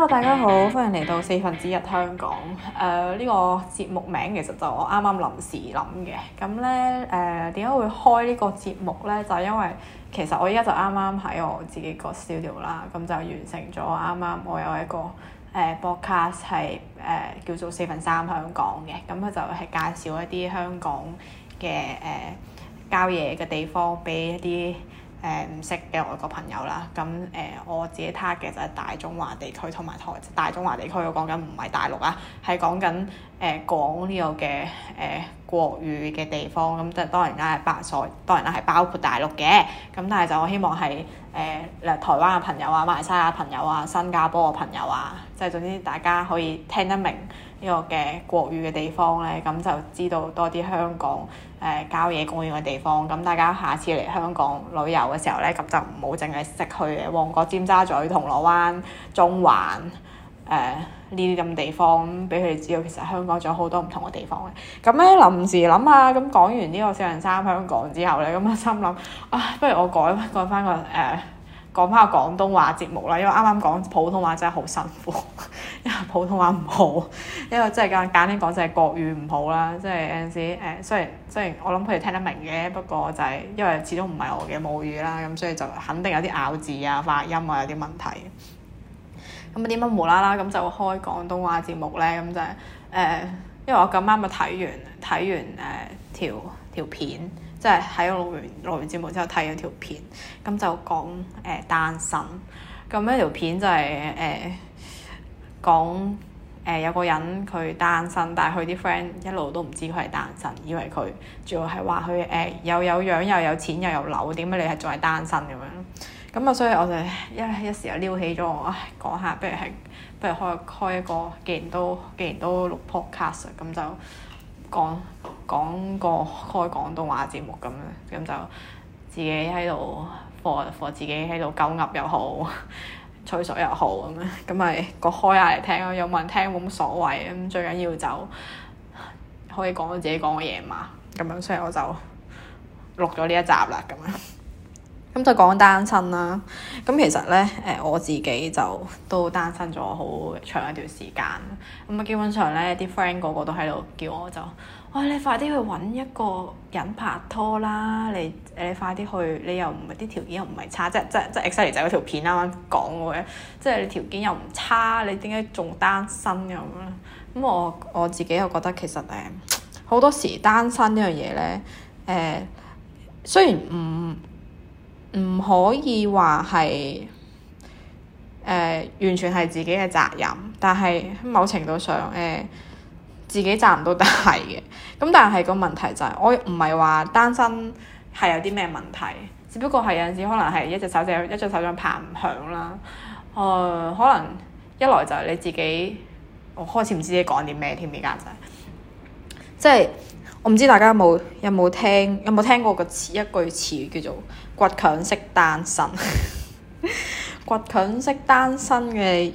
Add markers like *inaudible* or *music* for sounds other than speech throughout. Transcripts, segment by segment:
Hello，大家好，歡迎嚟到四分之一香港。誒、呃、呢、呢個節目名其實就我啱啱臨時諗嘅。咁咧誒點解會開個節呢個節目咧？就是、因為其實我依家就啱啱喺我自己個 studio 啦。咁就完成咗啱啱我有一個誒 broadcast 係誒叫做四分三香港嘅。咁佢就係介紹一啲香港嘅誒、呃、交嘢嘅地方俾一啲。誒唔、呃、識嘅外國朋友啦，咁、嗯、誒、呃、我自己 target 就係大中華地區同埋台大中華地區，我講緊唔係大陸啊，係、呃、講緊誒講呢個嘅誒、呃、國語嘅地方，咁即係當然啦，係白在當然啦係包括大陸嘅，咁、嗯、但係就我希望係誒、呃、台灣嘅朋友啊，馬來西亞朋友啊，新加坡嘅朋友啊，即、就、係、是、總之大家可以聽得明。呢個嘅國語嘅地方咧，咁就知道多啲香港誒、呃、郊野公園嘅地方。咁大家下次嚟香港旅遊嘅時候咧，咁就唔好淨係識去旺角、尖沙咀、銅鑼灣、中環誒呢啲咁嘅地方，俾佢哋知道其實香港仲有好多唔同嘅地方嘅。咁咧臨時諗下，咁講完呢個四分三香港之後咧，咁啊心諗啊，不如我改改翻個誒、呃講翻個廣東話節目啦，因為啱啱講普通話真係好辛苦，因為普通話唔好，因為即係簡簡單啲講就係國語唔好啦，即係 Nancy 雖然雖然我諗佢哋聽得明嘅，不過就係、係、因為始終唔係我嘅母語啦，咁所以就肯定有啲咬字啊、發音啊有啲問題。咁點解無啦啦咁就開廣東話節目咧？咁就誒，因為我咁啱咪睇完睇完誒條條片。即係喺我錄完錄完節目之後睇咗條片，咁就講誒、呃、單身。咁呢條片就係、是、誒、呃、講誒、呃、有個人佢單身，但係佢啲 friend 一路都唔知佢係單身，以為佢仲係話佢誒又有樣又有錢又有樓，點解你係仲係單身咁樣？咁啊，所以我就一一時又撩起咗我，講下不如係不如開開一個既然都既然都錄 podcast 啊，咁就講。講個開廣東話節目咁樣，咁就自己喺度 f o 自己喺度鳩噏又好，吹水又好咁樣，咁咪個開下嚟聽咯，有冇人聽冇乜所謂啊！咁最緊要就可以講到自己講嘅嘢嘛，咁樣所以我就錄咗呢一集啦，咁樣。咁就講單身啦，咁其實咧誒、呃、我自己就都單身咗好長一段時間，咁啊基本上咧啲 friend 個個都喺度叫我就。哇、哦！你快啲去揾一個人拍拖啦！你誒你快啲去，你又唔係啲條件又唔係差，即係即係即 exactly 就嗰條片啱啱講嘅，即係你條件又唔差，你點解仲單身咁咧？咁我我自己又覺得其實誒呃、好多時單身呢樣嘢咧誒，雖然唔唔可以話係誒完全係自己嘅責任，但係某程度上誒。呃自己賺唔到大嘅，咁但係個問題就係、是、我唔係話單身係有啲咩問題，只不過係有陣時可能係一隻手掌一隻手掌拍唔響啦。誒、呃，可能一來就係你自己，我開始唔知自己講啲咩添，而家就係、是，即係我唔知大家有冇聽有冇聽過個詞一句詞叫做倔強式單身， *laughs* 倔強式單身嘅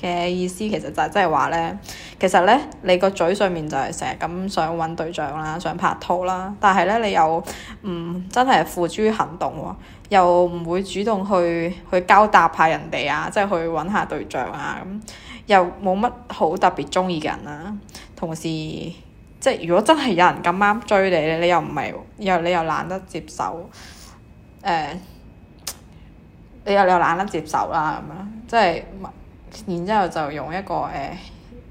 嘅意思其實就係即係話咧。就是其實咧，你個嘴上面就係成日咁想搵對象啦，想拍拖啦，但係咧你又唔真係付諸行動喎、啊，又唔會主動去去交搭下人哋啊，即係去搵下對象啊，咁又冇乜好特別鍾意嘅人啦、啊。同時，即係如果真係有人咁啱追你咧，你又唔係又你又懶得接受，誒、呃，你又你又懶得接受啦咁樣，即係，然之後就用一個誒、呃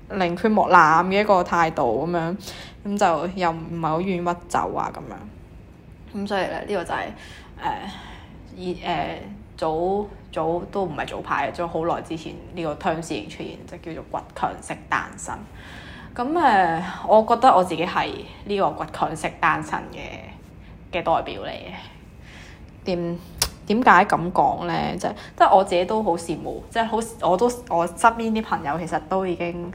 寧缺莫濫嘅一個態度咁樣，咁就又唔係好願意屈就啊咁樣，咁所以咧呢、呢個就係、是、誒、呃、以誒、呃、早早都唔係早排，咗好耐之前呢、呢個趨勢出現，就叫做倔強式單身。咁誒、呃，我覺得我自己係呢個倔強式單身嘅嘅代表嚟嘅。點點解咁講咧？即係即係我自己都好羨慕，即係好我都我身邊啲朋友其實都已經。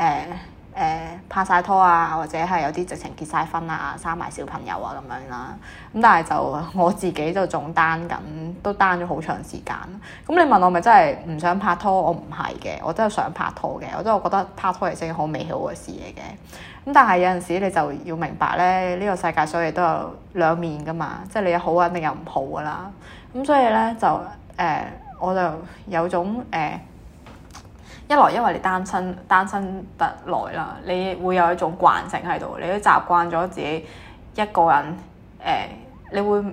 誒誒、呃呃、拍晒拖啊，或者係有啲直情結晒婚啊，生埋小朋友啊咁樣啦。咁但係就我自己就仲單緊，都單咗好長時間。咁你問我咪真係唔想拍拖？我唔係嘅，我真係想拍拖嘅。我真係覺得拍拖係一件好美好嘅事嚟嘅。咁但係有陣時你就要明白咧，呢、呢個世界所有嘢都有兩面噶嘛，即、就、係、是、你有好肯定有唔好噶啦。咁所以咧就誒、呃、我就有種誒。呃一來因為你單身，單身得耐啦，你會有一種慣性喺度，你都習慣咗自己一個人。誒、呃，你會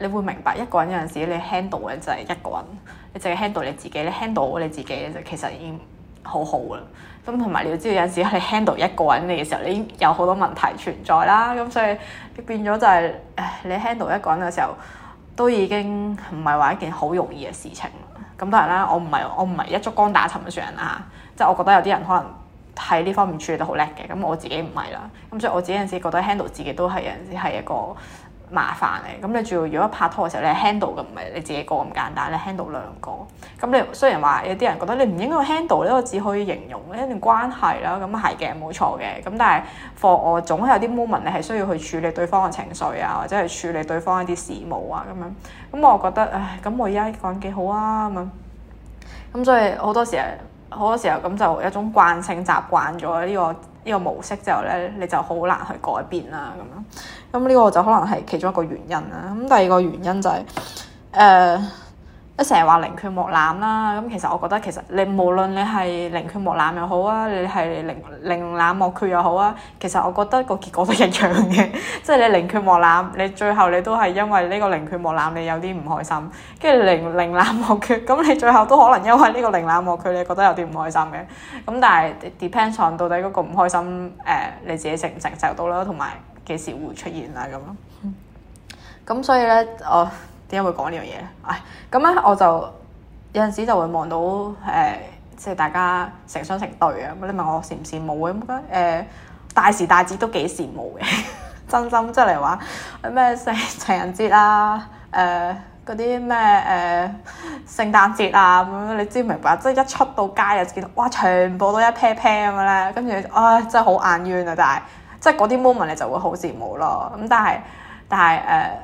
你會明白一個人有陣時你 handle 嘅就係一個人，你凈係 handle 你自己，你 handle 你自己咧，就其實已經好好啦。咁同埋你要知道有陣時你 handle 一個人你嘅時候，你已經有好多問題存在啦。咁、嗯、所以變咗就係、是、誒，你 handle 一個人嘅時候都已經唔係話一件好容易嘅事情。咁當然啦，我唔係我唔係一竹篙打沉所有人啦，即係我覺得有啲人可能喺呢方面處理得好叻嘅，咁我自己唔係啦，咁所以我自己有陣時覺得 handle 自己都係有陣時係一個麻煩嘅，咁你仲要如果拍拖嘅時候，你 handle 嘅唔係你自己個咁簡單，你 handle 兩個。咁你雖然話有啲人覺得你唔應該 handle 呢個，我只可以形容呢一段關係啦。咁啊係嘅，冇錯嘅。咁但係 for 我總係有啲 moment 你係需要去處理對方嘅情緒啊，或者係處理對方一啲事務啊咁樣。咁我覺得，唉，咁我而家講幾好啊咁。咁所以好多時候，好多時候咁就一種慣性習慣咗呢個。呢個模式之後呢，你就好難去改變啦咁樣。咁呢、嗯這個就可能係其中一個原因啦。咁、嗯、第二個原因就係、是，誒、呃。一成日話寧缺莫濫啦，咁其實我覺得其實你無論你係寧缺莫濫又好啊，你係寧寧濫莫缺又好啊，其實我覺得個結果都一樣嘅，即 *laughs* 係你寧缺莫濫，你最後你都係因為呢個寧缺，缺莫濫，你有啲唔開心；跟住寧寧濫莫缺，咁你最後都可能因為呢個寧濫莫缺，你覺得有啲唔開心嘅。咁但係 depends on 到底嗰個唔開心，誒、呃、你自己承唔承受到啦，同埋幾時會出現啊咁咯。咁、就是嗯、所以咧，我。點解會講呢樣嘢咧？咁咧我就有陣時就會望到誒，即、呃、係大家成雙成對啊！咁你問我羨唔羨慕？咁覺得大時大節都幾羨慕嘅， *laughs* 真心即係嚟話咩聖情人節啦、啊、誒嗰啲咩誒聖誕節啊咁樣、呃，你知唔明白？即係一出到街就見到哇全部都一 pair pair 咁樣咧，跟住啊真係好眼冤啊！但係即係嗰啲 moment 你就會好羨慕咯。咁但係但係誒。呃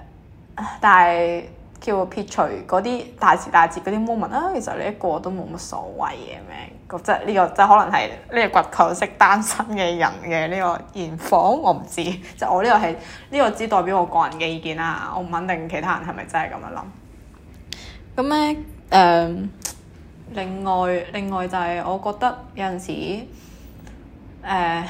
但係，叫撇除嗰啲大時大節嗰啲 moment 啊，其實呢一個都冇乜所謂嘅咩？覺得呢個即係可能係呢個倔強式單身嘅人嘅呢、這個現況，我唔知。即我呢個係呢、這個只代表我個人嘅意見啦，我唔肯定其他人係咪真係咁樣諗。咁咧，誒、呃，另外另外就係我覺得有陣時，誒、呃。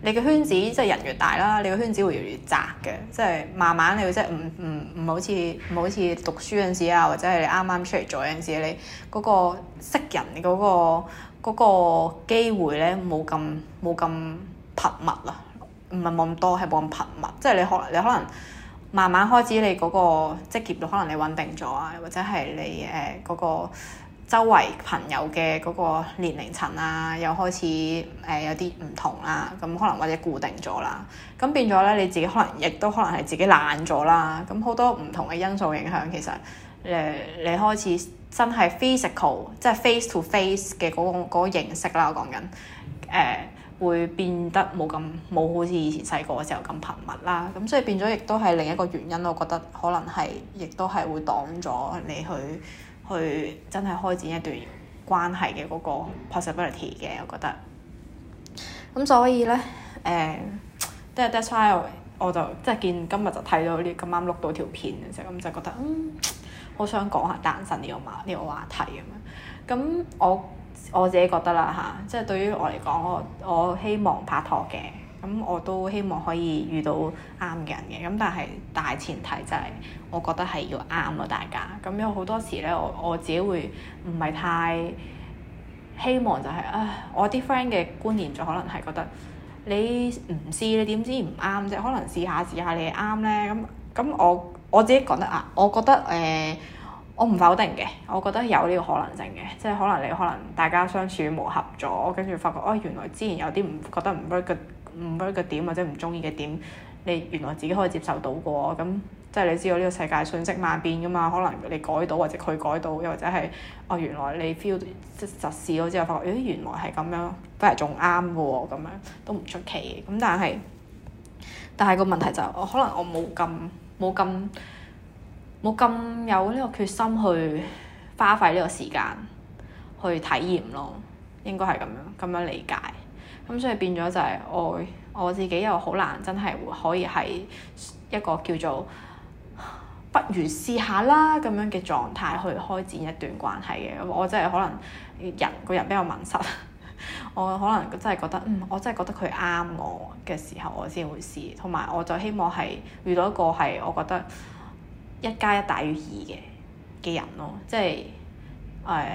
你嘅圈子即係人越大啦，你嘅圈子會越嚟越窄嘅，即係慢慢你會即係唔唔唔好似唔好似讀書嗰陣時啊，或者係你啱啱出嚟做嗰陣時，你嗰個識人嗰個嗰個機會咧冇咁冇咁頻密啊，唔係冇咁多，係冇咁頻密。即係你可能，你可能慢慢開始你嗰個職業就可能你穩定咗啊，或者係你誒嗰、呃嗰個。周圍朋友嘅嗰個年齡層啊，又開始誒、呃、有啲唔同啦、啊，咁可能或者固定咗啦，咁變咗咧你自己可能亦都可能係自己懶咗啦，咁好多唔同嘅因素影響，其實誒、呃、你開始真係 physical 即係 face-to-face 嘅嗰個嗰個形式啦，我講緊誒會變得冇咁冇好似以前細個嘅時候咁頻密啦，咁所以變咗亦都係另一個原因，我覺得可能係亦都係會擋咗你去。去真係開展一段關係嘅嗰個 possibility 嘅，我覺得。咁所以咧，誒、uh，即係 describe，我就即係、就是、見今日就睇到呢，咁啱碌到條片嘅時候，咁就覺得嗯，好想講下單身呢個話呢個話題啊。咁我我自己覺得啦嚇，即、啊、係、就是、對於我嚟講，我我希望拍拖嘅。咁我都希望可以遇到啱嘅人嘅，咁但係大前提就係、是、我覺得係要啱咯，大家。咁有好多時咧，我我自己會唔係太希望就係、是、啊，我啲 friend 嘅觀念就可能係覺得你唔試你點知唔啱啫，可能試下試下你啱咧。咁咁我我自己覺得啊，我覺得誒、呃，我唔否定嘅，我覺得有呢個可能性嘅，即係可能你可能大家相處磨合咗，跟住發覺哦、哎，原來之前有啲唔覺得唔 match 唔嗰個點或者唔中意嘅點，你原來自己可以接受到嘅喎，咁即係你知道呢個世界瞬息萬變嘅嘛，可能你改到或者佢改到，又或者係哦，原來你 feel 即係實試咗之後，發覺咦，原來係咁樣都係仲啱嘅喎，咁樣都唔出奇嘅。咁但係但係個問題就我、是、可能我冇咁冇咁冇咁有呢個決心去花費呢個時間去體驗咯，應該係咁樣咁樣理解。咁所以變咗就係、是、我、哦、我自己又好難真係可以係一個叫做不如試下啦咁樣嘅狀態去開展一段關係嘅。我真係可能人個人比較敏感， *laughs* 我可能真係覺得嗯，我真係覺得佢啱我嘅時候，我先會試。同埋我就希望係遇到一個係我覺得一加一大於二嘅嘅人咯，即係誒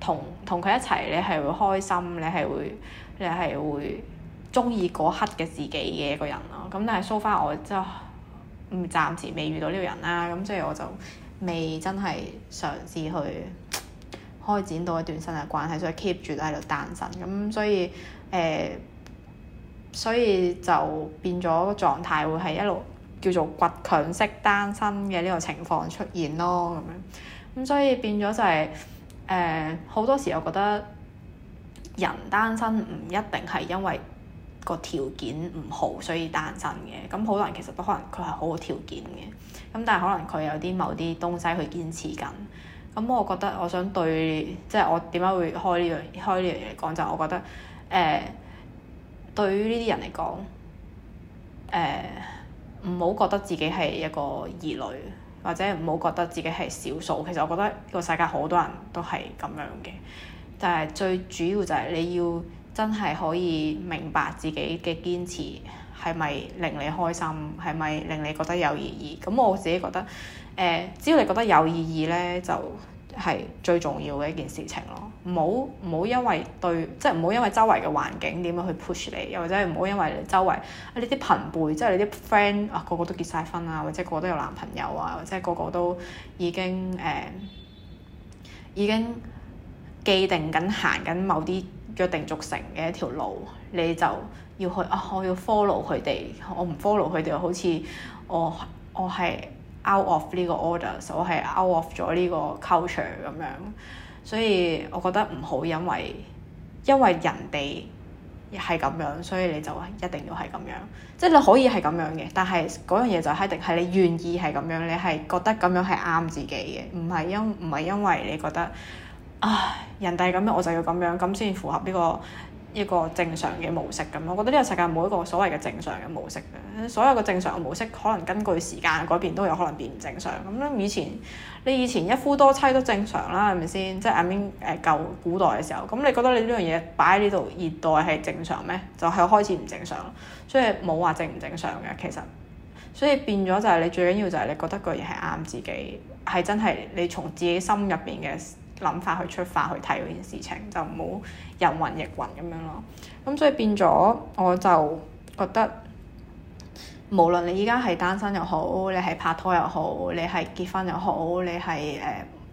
同同佢一齊，你係會開心，你係會。你係會中意嗰刻嘅自己嘅一個人咯，咁但係蘇花我真係唔暫時未遇到呢個人啦，咁所以我就未真係嘗試去開展到一段新嘅關係，所以 keep 住喺度單身，咁所以誒、呃，所以就變咗個狀態會係一路叫做倔強式單身嘅呢個情況出現咯，咁樣咁所以變咗就係誒好多時我覺得。人單身唔一定係因為個條件唔好所以單身嘅，咁好多人其實都可能佢係好條件嘅，咁但係可能佢有啲某啲東西去堅持緊。咁我覺得我想對，即係我點解會開呢樣開呢樣嘢講就係我覺得，誒對於呢啲人嚟講，誒唔好覺得自己係一個異類，或者唔好覺得自己係少數。其實我覺得個世界好多人都係咁樣嘅。但係最主要就係你要真係可以明白自己嘅堅持係咪令你開心，係咪令你覺得有意義？咁我自己覺得、呃，只要你覺得有意義呢，就係、是、最重要嘅一件事情咯。唔好唔好因為對，即係唔好因為周圍嘅環境點樣去 push 你，又或者唔好因為周圍啊呢啲朋輩，即係你啲、就是、friend 啊個個都結晒婚啊，或者個個都有男朋友啊，或者個個都已經、呃、已經。既定緊行緊某啲約定俗成嘅一條路，你就要去啊、哦！我要 follow 佢哋，我唔 follow 佢哋，好似我我係 out of 呢個 order，我係 out of 咗呢個 culture 咁樣。所以，我覺得唔好因為因為人哋係咁樣，所以你就一定要係咁樣。即係你可以係咁樣嘅，但係嗰樣嘢就一定係你願意係咁樣，你係覺得咁樣係啱自己嘅，唔係因唔係因為你覺得。唉，人哋咁樣，我就要咁樣，咁先符合呢個一個正常嘅模式咁。我覺得呢個世界冇一個所謂嘅正常嘅模式嘅，所有嘅正常嘅模式可能根據時間改變都有可能變唔正常。咁、嗯、咧，以前你以前一夫多妻都正常啦，係咪先？即係阿邊誒舊古代嘅時候咁、嗯，你覺得你呢樣嘢擺喺呢度熱帶係正常咩？就係開始唔正常，所以冇話正唔正常嘅其實。所以變咗就係、是、你最緊要就係你覺得個嘢係啱自己，係真係你從自己心入邊嘅。諗法去出發去睇嗰件事情，就唔好人云亦云咁樣咯。咁所以變咗，我就覺得無論你而家係單身又好，你係拍拖又好，你係結婚又好，你係誒，Uh,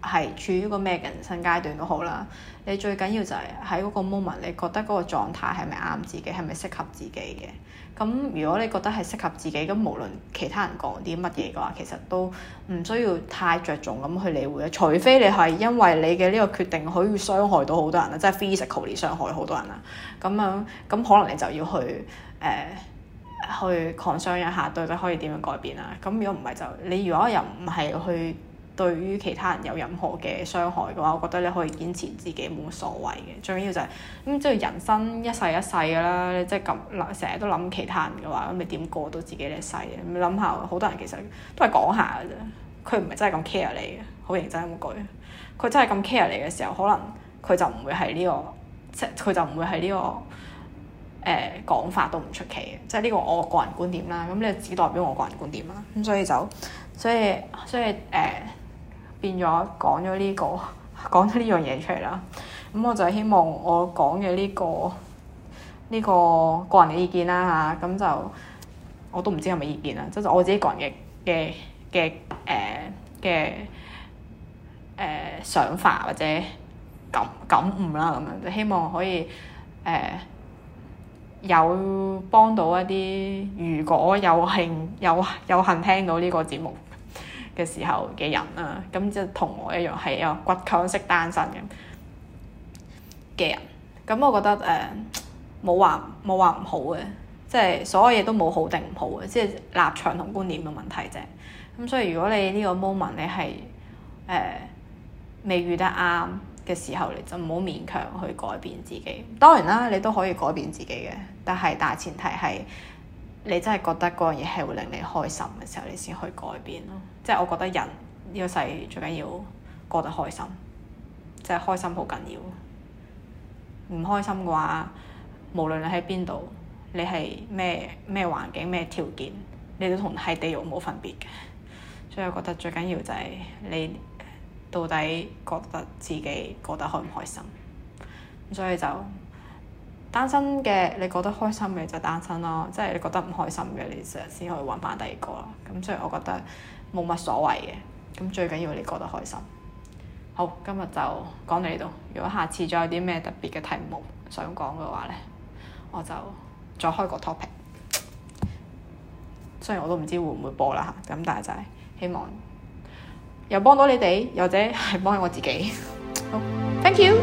係處於個咩人生階段都好啦，你最緊要就係喺嗰個 moment，你覺得嗰個狀態係咪啱自己，係咪適合自己嘅？咁如果你覺得係適合自己，咁無論其他人講啲乜嘢嘅話，其實都唔需要太着重咁去理會嘅，除非你係因為你嘅呢個決定可以傷害到好多人啦，即係 physically 傷害好多人啦，咁樣咁可能你就要去誒、呃、去抗商一下，到底可以點樣改變啦？咁如果唔係，就你如果又唔係去。對於其他人有任何嘅傷害嘅話，我覺得你可以堅持自己冇所謂嘅。最緊要就係咁，即係人生一世一世噶啦，你即係咁成日都諗其他人嘅話，咁你點過到自己一世？你諗下，好多人其實都係講下嘅啫，佢唔係真係咁 care 你嘅，好認真咁句。佢真係咁 care 你嘅時候，可能佢就唔會係呢個，即佢就唔會係呢個誒講法都唔出奇嘅。即係呢個我個人觀點啦，咁呢只代表我個人觀點啦。咁所以就，所以所以誒。呃變咗講咗呢個講咗呢樣嘢出嚟啦，咁我就希望我講嘅呢個呢個個人嘅意見啦吓，咁就我都唔知係咪意見啦，即係我自己個人嘅嘅嘅誒嘅誒想法或者感感悟啦咁樣，就希望可以誒有幫到一啲如果有幸有有幸聽到呢個節目嘅時候嘅人啦、啊，咁即係同我一樣係一個倔強式單身嘅嘅人，咁我覺得誒冇話冇話唔好嘅，即係所有嘢都冇好定唔好嘅，即係立場同觀念嘅問題啫。咁所以如果你呢個 moment 你係誒未遇得啱嘅時候，你就唔好勉強去改變自己。當然啦，你都可以改變自己嘅，但係大前提係。你真係覺得嗰樣嘢係會令你開心嘅時候，你先去改變咯。嗯、即係我覺得人呢個世最緊要過得開心，即係開心好緊要。唔開心嘅話，無論你喺邊度，你係咩咩環境、咩條件，你都同喺地獄冇分別嘅。所以我覺得最緊要就係你到底覺得自己過得開唔開心。咁所以就。單身嘅，你覺得開心嘅就單身啦，即係你覺得唔開心嘅，你就先去揾翻第二個啦。咁所以我覺得冇乜所謂嘅。咁最緊要你過得開心。好，今日就講到呢度。如果下次再有啲咩特別嘅題目想講嘅話呢，我就再開個 topic。雖然我都唔知會唔會播啦吓，咁但係就係希望又幫到你哋，又者係幫我自己。好，Thank you。